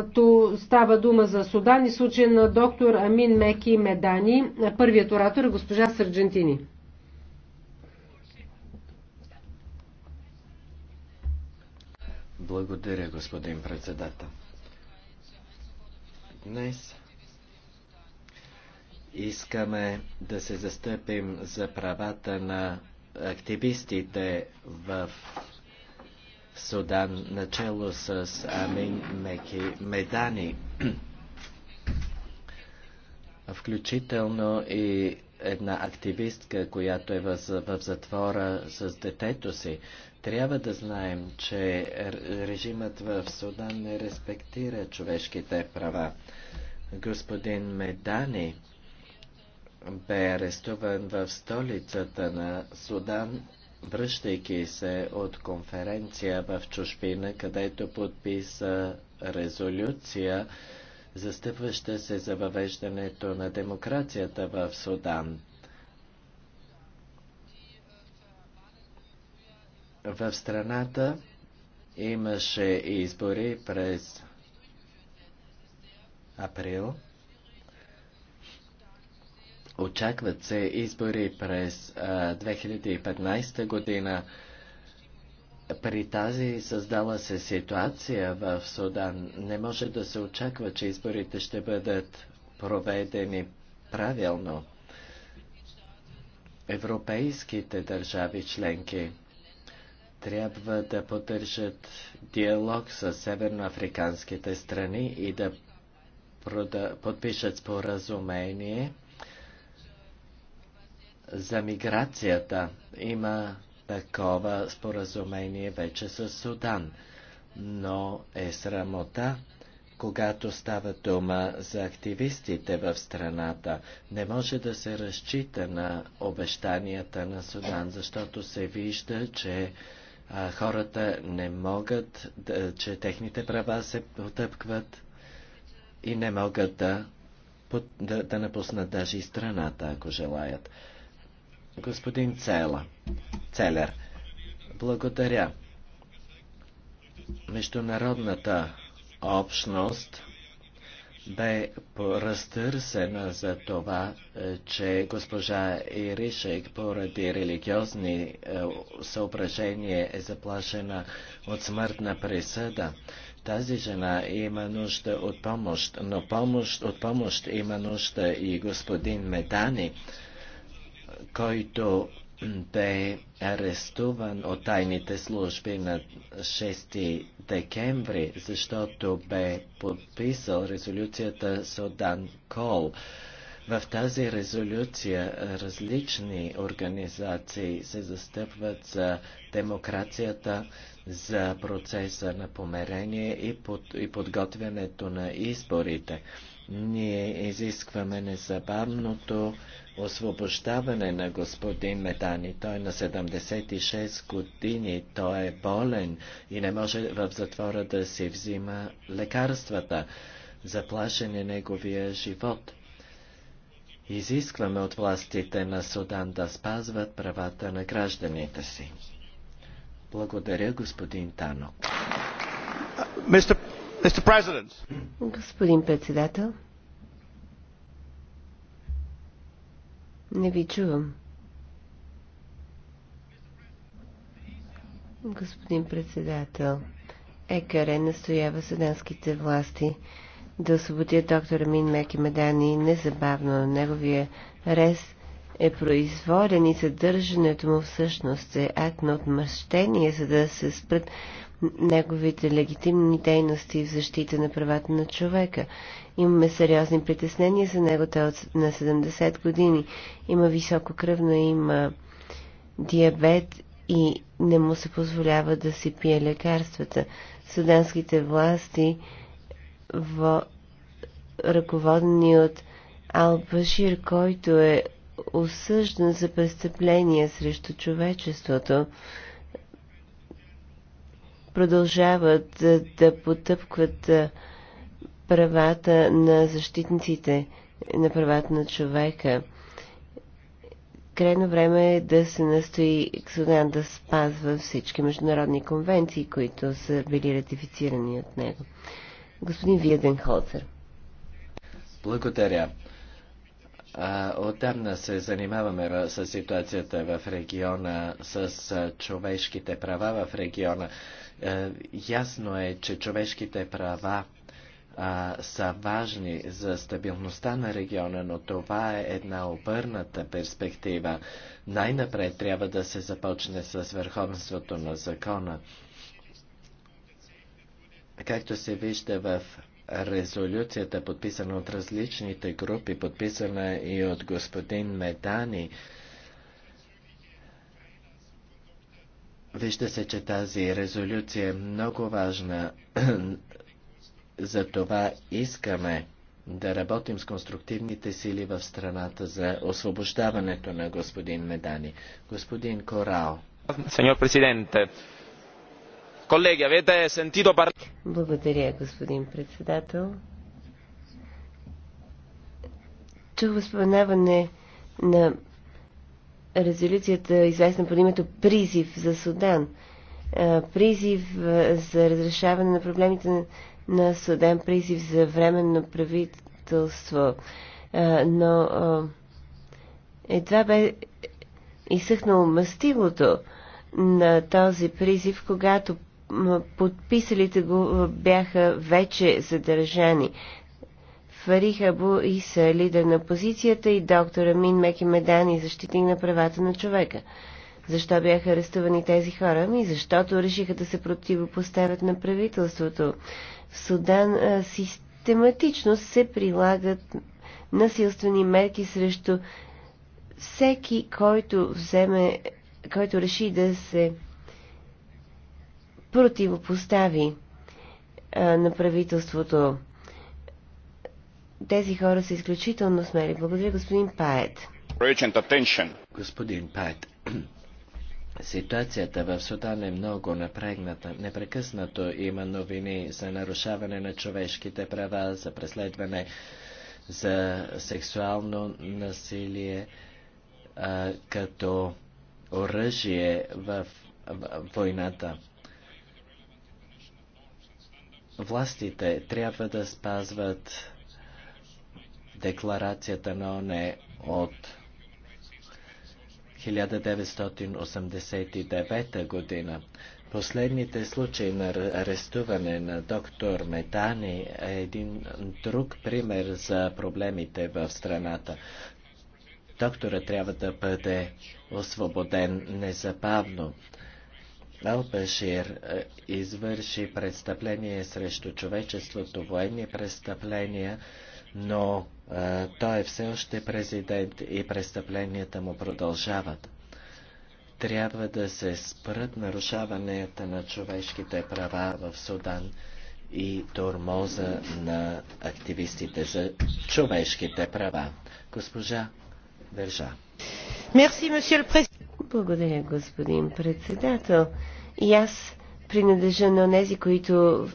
като става дума за Судан и случай на доктор Амин Меки Медани. Първият оратор е госпожа Сърджентини. Благодаря, господин председател. Днес искаме да се застъпим за правата на активистите в Судан, начало с Амин Меки Медани, включително и една активистка, която е в, затвора с детето си. Трябва да знаем, че режимът в Судан не респектира човешките права. Господин Медани бе арестуван в столицата на Судан връщайки се от конференция в чужбина, където подписа резолюция, застъпваща се за въвеждането на демокрацията в Судан. В страната имаше избори през април. Очакват се избори през 2015 година. При тази създала се ситуация в Судан не може да се очаква, че изборите ще бъдат проведени правилно. Европейските държави членки трябва да поддържат диалог с северноафриканските страни и да подпишат споразумение – за миграцията. Има такова споразумение вече с Судан, но е срамота, когато става дума за активистите в страната. Не може да се разчита на обещанията на Судан, защото се вижда, че а, хората не могат, да, че техните права се потъпкват и не могат да, да, да напуснат даже и страната, ако желаят. Господин Цела, Целер, благодаря. Международната общност бе разтърсена за това, е, че госпожа Иришек поради религиозни е, съображения е заплашена от смъртна присъда. Тази жена има нужда от помощ, но помощ, от помощ има нужда и господин Медани който бе арестуван от тайните служби на 6 декември, защото бе подписал резолюцията Содан Кол. В тази резолюция различни организации се застъпват за демокрацията, за процеса на померение и, под, и подготвянето на изборите. Ние изискваме незабавното освобождаване на господин Метани. Той е на 76 години, той е болен и не може в затвора да си взима лекарствата. Заплашен е неговия живот. Изискваме от властите на Судан да спазват правата на гражданите си. Благодаря, господин Танок. Господин председател, Не ви чувам. Господин председател, Екаре настоява суданските власти да освободят доктор Мин Меки Медани незабавно. Неговия арест е произволен и съдържането му всъщност е акт на отмъщение, за да се спрат неговите легитимни дейности в защита на правата на човека. Имаме сериозни притеснения за него, той е от на 70 години има високо кръвно, има диабет и не му се позволява да си пие лекарствата. Суданските власти, в... ръководени от Ал-Башир, който е осъждан за престъпление срещу човечеството, продължават да, да потъпкват правата на защитниците на правата на човека. Крайно време е да се настои Судан да спазва всички международни конвенции, които са били ратифицирани от него. Господин Виеден Холцер. Благодаря. Отдавна се занимаваме с ситуацията в региона, с човешките права в региона. Е, ясно е, че човешките права са важни за стабилността на региона, но това е една обърната перспектива. Най-напред трябва да се започне с върховенството на закона. Както се вижда в резолюцията, подписана от различните групи, подписана и от господин Медани, Вижда се, че тази резолюция е много важна. Затова искаме да работим с конструктивните сили в страната за освобождаването на господин Медани. Господин Корал. Сеньор президенте, Колеги, avete sentito parlare... Благодаря, господин председател. Чух възпоменаване на резолюцията, известна под името Призив за Судан. Призив за разрешаване на проблемите на Судан, призив за временно правителство. Но едва бе изсъхнало мастилото на този призив, когато подписалите го бяха вече задържани. Фарих и Иса, лидер на позицията и доктор Амин Мекимедани, защитник на правата на човека. Защо бяха арестувани тези хора? Ми, защото решиха да се противопоставят на правителството. В Судан а, систематично се прилагат насилствени мерки срещу всеки, който вземе, който реши да се противопостави а, на правителството. Тези хора са изключително смели. Благодаря, господин Пает. Господин Пает, Ситуацията в Судан е много напрегната. Непрекъснато има новини за нарушаване на човешките права, за преследване, за сексуално насилие, а, като оръжие в, в, в войната. Властите трябва да спазват декларацията на ОНЕ от 1989 година. Последните случаи на арестуване на доктор Метани е един друг пример за проблемите в страната. Доктора трябва да бъде освободен незабавно. Албашир е, извърши престъпление срещу човечеството, военни престъпления, но е, той е все още президент и престъпленията му продължават. Трябва да се спрат нарушаванията на човешките права в Судан и тормоза на активистите за човешките права. Госпожа Държа. Мерси, благодаря, господин председател. И аз принадлежа на тези, които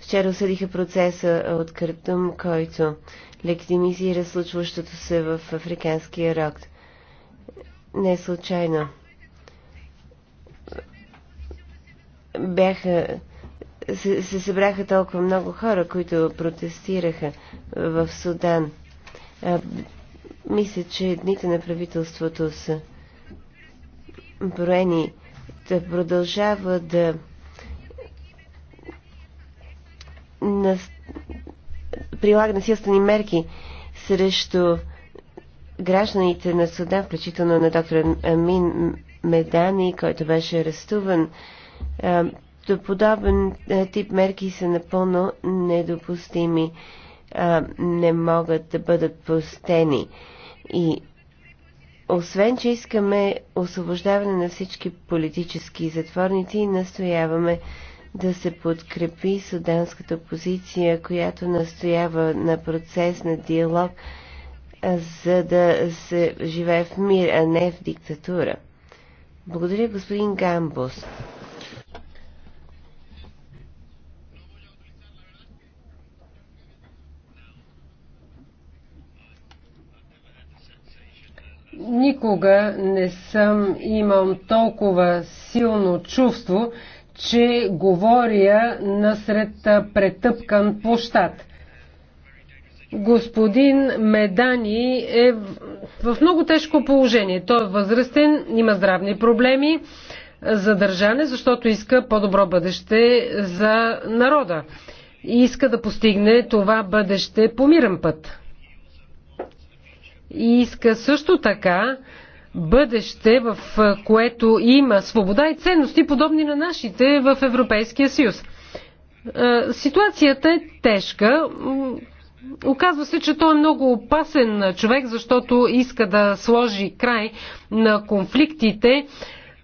вчера осъдиха процеса от Картум, който легитимизира случващото се в Африканския рок. Не случайно. Бяха се, се събраха толкова много хора, които протестираха в Судан. А, мисля, че дните на правителството са броени, да продължава да на, прилага насилствени мерки срещу гражданите на Судан, включително на доктор Амин Медани, който беше арестуван. До подобен тип мерки са напълно недопустими. Не могат да бъдат постени. И освен, че искаме освобождаване на всички политически затворници, настояваме да се подкрепи суданската позиция, която настоява на процес на диалог, за да се живее в мир, а не в диктатура. Благодаря, господин Гамбус. Никога не съм имал толкова силно чувство, че говоря насред претъпкан площад. Господин Медани е в много тежко положение. Той е възрастен, има здравни проблеми, задържане, защото иска по-добро бъдеще за народа и иска да постигне това бъдеще по мирен път и иска също така бъдеще, в което има свобода и ценности, подобни на нашите в Европейския съюз. Ситуацията е тежка. Оказва се, че той е много опасен човек, защото иска да сложи край на конфликтите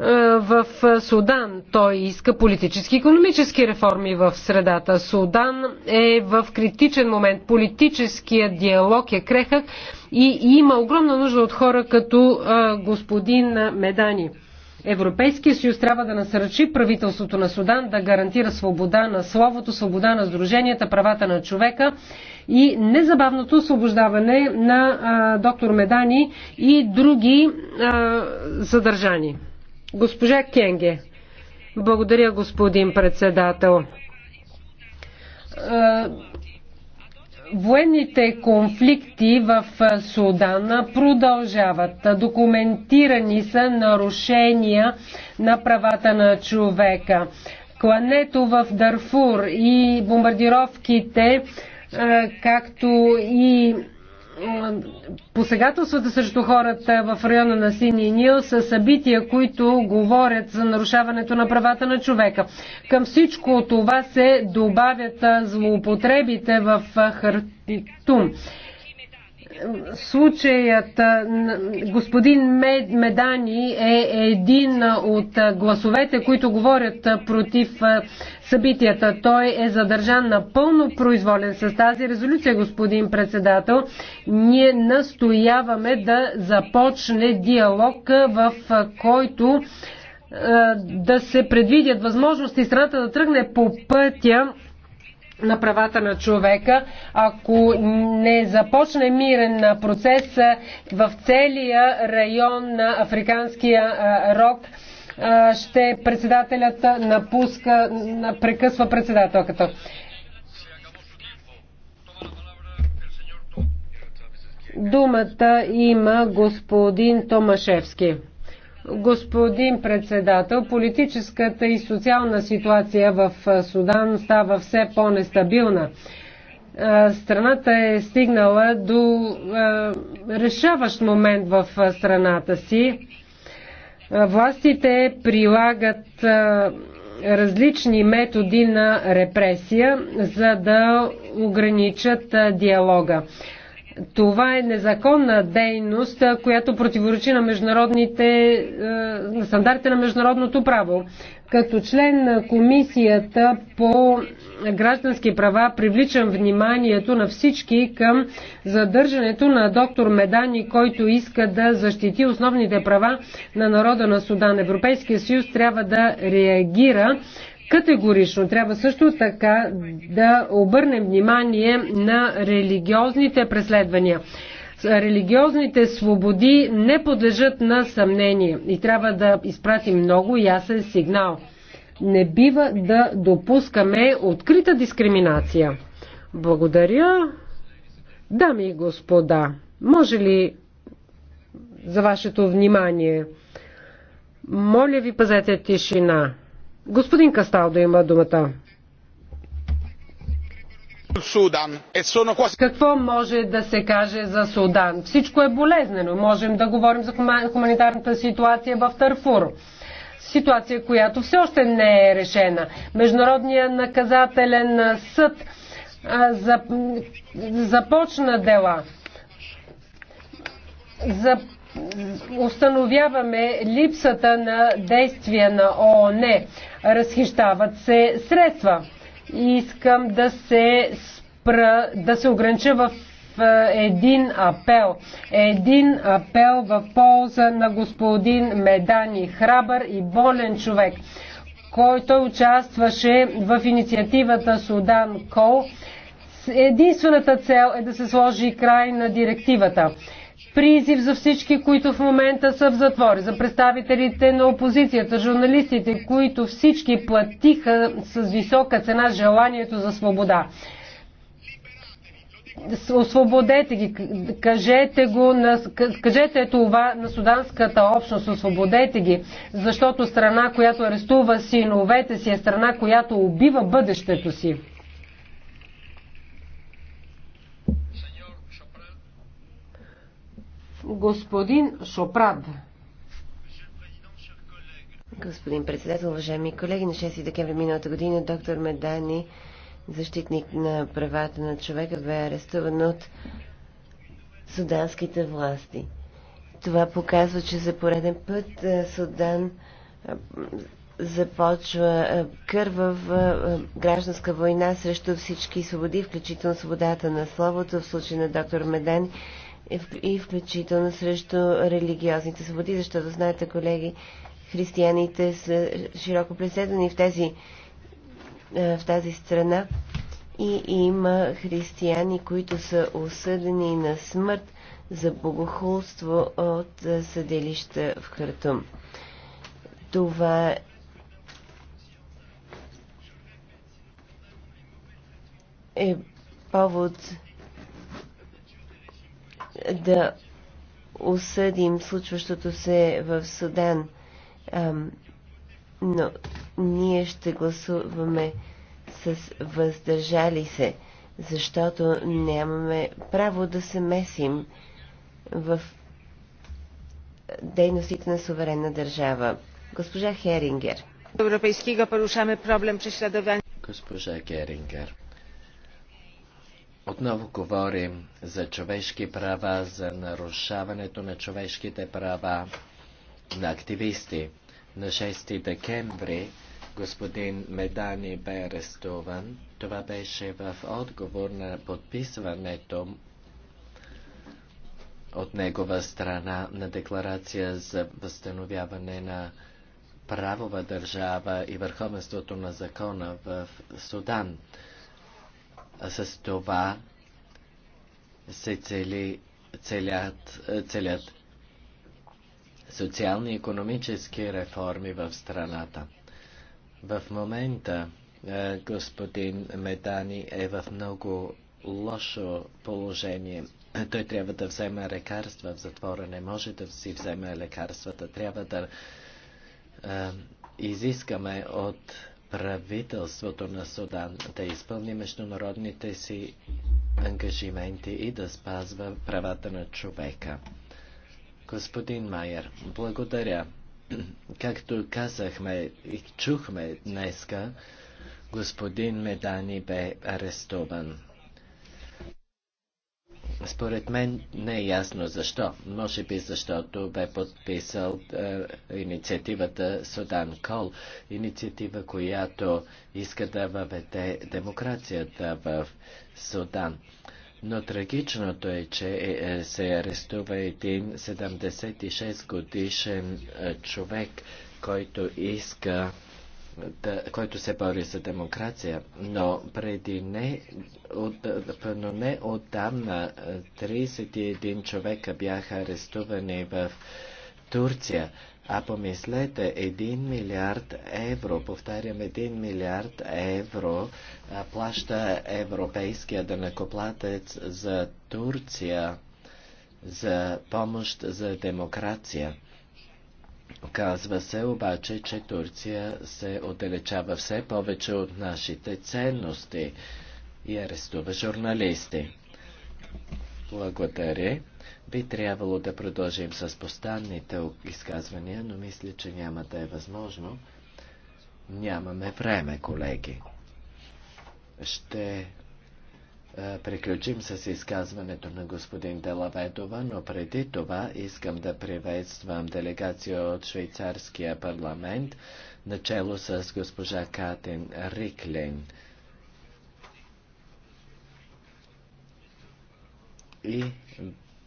е, в Судан. Той иска политически и економически реформи в средата. Судан е в критичен момент. Политическият диалог е крехък и има огромна нужда от хора като е, господин Медани. Европейския съюз трябва да насърчи правителството на Судан да гарантира свобода на словото, свобода на сдруженията, правата на човека и незабавното освобождаване на а, е, доктор Медани и други а, задържани. Госпожа Кенге. Благодаря, господин председател. Военните конфликти в Судана продължават. Документирани са нарушения на правата на човека. Клането в Дарфур и бомбардировките, както и посегателствата срещу хората в района на Сини Нил са събития, които говорят за нарушаването на правата на човека. Към всичко това се добавят злоупотребите в Хартитум случаят господин Медани е един от гласовете, които говорят против събитията. Той е задържан на пълно произволен с тази резолюция, господин председател. Ние настояваме да започне диалог, в който да се предвидят възможности страната да тръгне по пътя на правата на човека. Ако не започне мирен процес в целия район на Африканския рок, ще председателят напуска, прекъсва председателката. Думата има господин Томашевски. Господин председател, политическата и социална ситуация в Судан става все по-нестабилна. Страната е стигнала до решаващ момент в страната си. Е, властите прилагат е, различни методи на репресия, за да ограничат е, диалога. Това е незаконна дейност, която противоречи на международните, на стандартите на международното право. Като член на комисията по граждански права привличам вниманието на всички към задържането на доктор Медани, който иска да защити основните права на народа на Судан. Европейския съюз трябва да реагира Категорично трябва също така да обърнем внимание на религиозните преследвания. Религиозните свободи не подлежат на съмнение и трябва да изпратим много ясен сигнал. Не бива да допускаме открита дискриминация. Благодаря. Дами и господа, може ли за вашето внимание? Моля ви, пазете тишина. Господин Кастал да има думата. Е, Какво може да се каже за Судан? Всичко е болезнено. Можем да говорим за хуманитарната ситуация в Тарфур. Ситуация, която все още не е решена. Международният наказателен съд започна дела. За установяваме липсата на действия на ООН. Разхищават се средства. Искам да се спра, да се огранича в е, един апел. Един апел в полза на господин Медани, храбър и болен човек, който участваше в инициативата Судан Кол. Единствената цел е да се сложи край на директивата призив за всички, които в момента са в затвор, за представителите на опозицията, журналистите, които всички платиха с висока цена желанието за свобода. Освободете ги, кажете, го на, кажете това на суданската общност, освободете ги, защото страна, която арестува синовете си, е страна, която убива бъдещето си. Господин Шопрад. Господин председател, уважаеми колеги, на 6 декември миналата година доктор Медани, защитник на правата на човека, бе арестуван от суданските власти. Това показва, че за пореден път е, Судан е, започва е, кървава гражданска война срещу всички свободи, включително свободата на словото в случай на доктор Медани, и включително срещу религиозните свободи, защото знаете, колеги, християните са широко преследвани в тези е, в тази страна и има християни, които са осъдени на смърт за богохулство от е, съдилища в Хартум. Това е повод да осъдим случващото се в Судан, но ние ще гласуваме с въздържали се, защото нямаме право да се месим в дейностите на суверенна държава. Госпожа Херингер. Европейскига порушаме проблем преследования. Госпожа Керингер, отново говорим за човешки права, за нарушаването на човешките права на активисти. На 6 декември господин Медани бе арестуван. Това беше в отговор на подписването от негова страна на декларация за възстановяване на правова държава и върховенството на закона в Судан. С това се цели, целят, целят социални и економически реформи в страната. В момента е, господин Медани е в много лошо положение. Той трябва да вземе лекарства в затвора, не може да си вземе лекарствата. Трябва да е, изискаме от правителството на Судан да изпълни международните си ангажименти и да спазва правата на човека. Господин Майер, благодаря. Както казахме и чухме днеска, господин Медани бе арестуван. Според мен не е ясно защо. Може би защото бе подписал е, инициативата Судан Кол, инициатива, която иска да въведе демокрацията в Судан. Но трагичното е, че е, е се арестува един 76 годишен е, човек, който иска да, който се бори за демокрация, но преди не, от, но не отдавна 31 човека бяха арестувани в Турция. А помислете, 1 милиард евро, повтарям, 1 милиард евро а, плаща европейския дънакоплатец за Турция, за помощ за демокрация. Казва се обаче, че Турция се отдалечава все повече от нашите ценности и арестува журналисти. Благодаря. Би трябвало да продължим с постанните изказвания, но мисля, че няма да е възможно. Нямаме време, колеги. Ще е, приключим с изказването на господин Делаведова, но преди това искам да приветствам делегация от швейцарския парламент, начало с госпожа Катин Риклин. И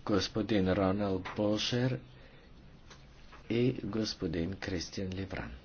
господин Роналд Болшер и господин Кристин Левран.